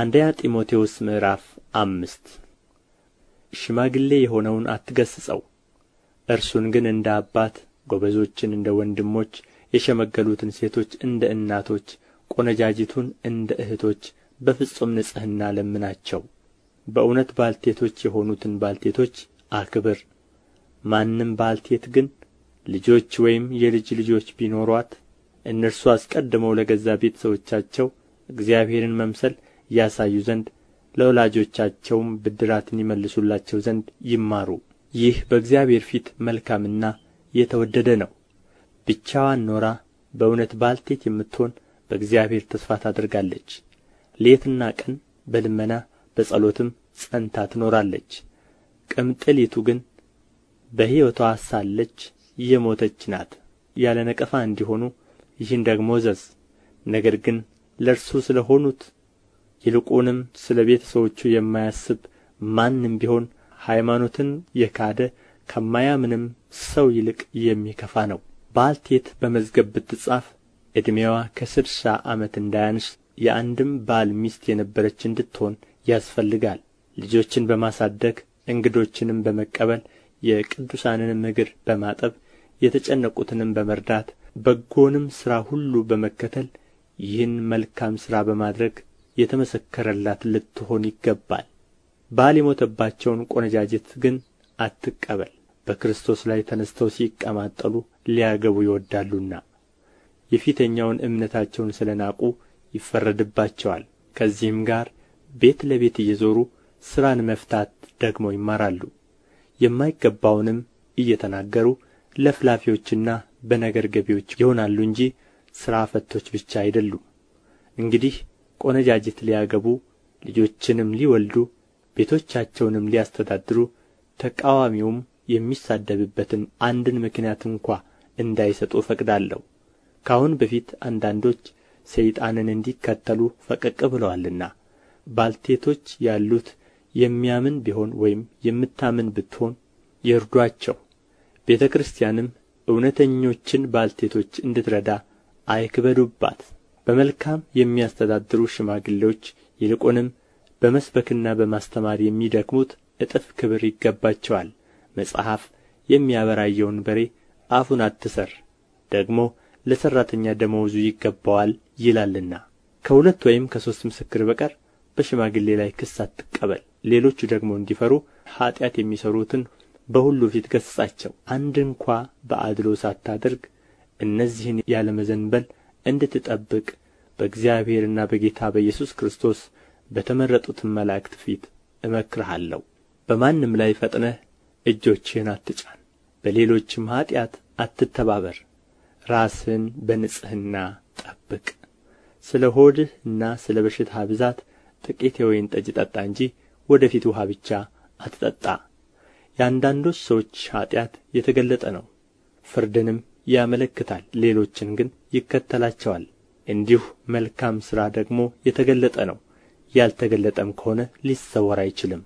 አንደኛ ጢሞቴዎስ ምዕራፍ አምስት ሽማግሌ የሆነውን አትገሥጸው እርሱን ግን እንደ አባት ጎበዞችን እንደ ወንድሞች የሸመገሉትን ሴቶች እንደ እናቶች ቆነጃጅቱን እንደ እህቶች በፍጹም ንጽሕና ለምናቸው በእውነት ባልቴቶች የሆኑትን ባልቴቶች አክብር ማንም ባልቴት ግን ልጆች ወይም የልጅ ልጆች ቢኖሯት እነርሱ አስቀድመው ለገዛ ቤተ ሰዎቻቸው እግዚአብሔርን መምሰል ያሳዩ ዘንድ ለወላጆቻቸውም ብድራትን ይመልሱላቸው ዘንድ ይማሩ ይህ በእግዚአብሔር ፊት መልካምና የተወደደ ነው ብቻዋን ኖራ በእውነት ባልቴት የምትሆን በእግዚአብሔር ተስፋ ታደርጋለች ሌትና ቀን በልመና በጸሎትም ጸንታ ትኖራለች ቅምጥሊቱ ግን በሕይወቷ ሳለች የሞተች ናት ያለ ነቀፋ እንዲሆኑ ይህን ደግሞ እዘዝ ነገር ግን ለእርሱ ስለ ሆኑት ይልቁንም ስለ ቤተ ሰዎቹ የማያስብ ማንም ቢሆን ሃይማኖትን የካደ ከማያምንም ሰው ይልቅ የሚከፋ ነው ባልቴት በመዝገብ ብትጻፍ ዕድሜዋ ከስድሳ ዓመት እንዳያንስ የአንድም ባል ሚስት የነበረች እንድትሆን ያስፈልጋል ልጆችን በማሳደግ እንግዶችንም በመቀበል የቅዱሳንንም እግር በማጠብ የተጨነቁትንም በመርዳት በጎንም ሥራ ሁሉ በመከተል ይህን መልካም ሥራ በማድረግ የተመሰከረላት ልትሆን ይገባል ባል የሞተባቸውን ቆነጃጅት ግን አትቀበል በክርስቶስ ላይ ተነስተው ሲቀማጠሉ ሊያገቡ ይወዳሉና የፊተኛውን እምነታቸውን ስለ ናቁ ይፈረድባቸዋል ከዚህም ጋር ቤት ለቤት እየዞሩ ሥራን መፍታት ደግሞ ይማራሉ የማይገባውንም እየተናገሩ ለፍላፊዎችና በነገር ገቢዎች ይሆናሉ እንጂ ሥራ ፈቶች ብቻ አይደሉም እንግዲህ ቆነጃጅት ሊያገቡ ልጆችንም ሊወልዱ ቤቶቻቸውንም ሊያስተዳድሩ ተቃዋሚውም የሚሳደብበትን አንድን ምክንያት እንኳ እንዳይሰጡ ፈቅዳለሁ። ከአሁን በፊት አንዳንዶች ሰይጣንን እንዲከተሉ ፈቀቅ ብለዋልና ባልቴቶች ያሉት የሚያምን ቢሆን ወይም የምታምን ብትሆን ይርዷቸው። ቤተ ክርስቲያንም እውነተኞችን ባልቴቶች እንድትረዳ አይክበዱባት። በመልካም የሚያስተዳድሩ ሽማግሌዎች ይልቁንም በመስበክና በማስተማር የሚደክሙት እጥፍ ክብር ይገባቸዋል መጽሐፍ የሚያበራየውን በሬ አፉን አትሰር ደግሞ ለሠራተኛ ደመወዙ ይገባዋል ይላልና ከሁለት ወይም ከሦስት ምስክር በቀር በሽማግሌ ላይ ክስ አትቀበል ሌሎቹ ደግሞ እንዲፈሩ ኀጢአት የሚሠሩትን በሁሉ ፊት ገሥጻቸው አንድ እንኳ በአድሎ ሳታደርግ እነዚህን ያለመዘንበል እንድትጠብቅ በእግዚአብሔርና በጌታ በኢየሱስ ክርስቶስ በተመረጡትም መላእክት ፊት እመክርሃለሁ በማንም ላይ ፈጥነህ እጆችህን አትጫን በሌሎችም ኃጢአት አትተባበር ራስህን በንጽሕና ጠብቅ ስለ ሆድህና ስለ በሽታ ብዛት ጥቂት የወይን ጠጅ ጠጣ እንጂ ወደ ፊት ውሃ ብቻ አትጠጣ የአንዳንዶች ሰዎች ኃጢአት የተገለጠ ነው ፍርድንም ያመለክታል ሌሎችን ግን ይከተላቸዋል እንዲሁ መልካም ሥራ ደግሞ የተገለጠ ነው ያልተገለጠም ከሆነ ሊሰወር አይችልም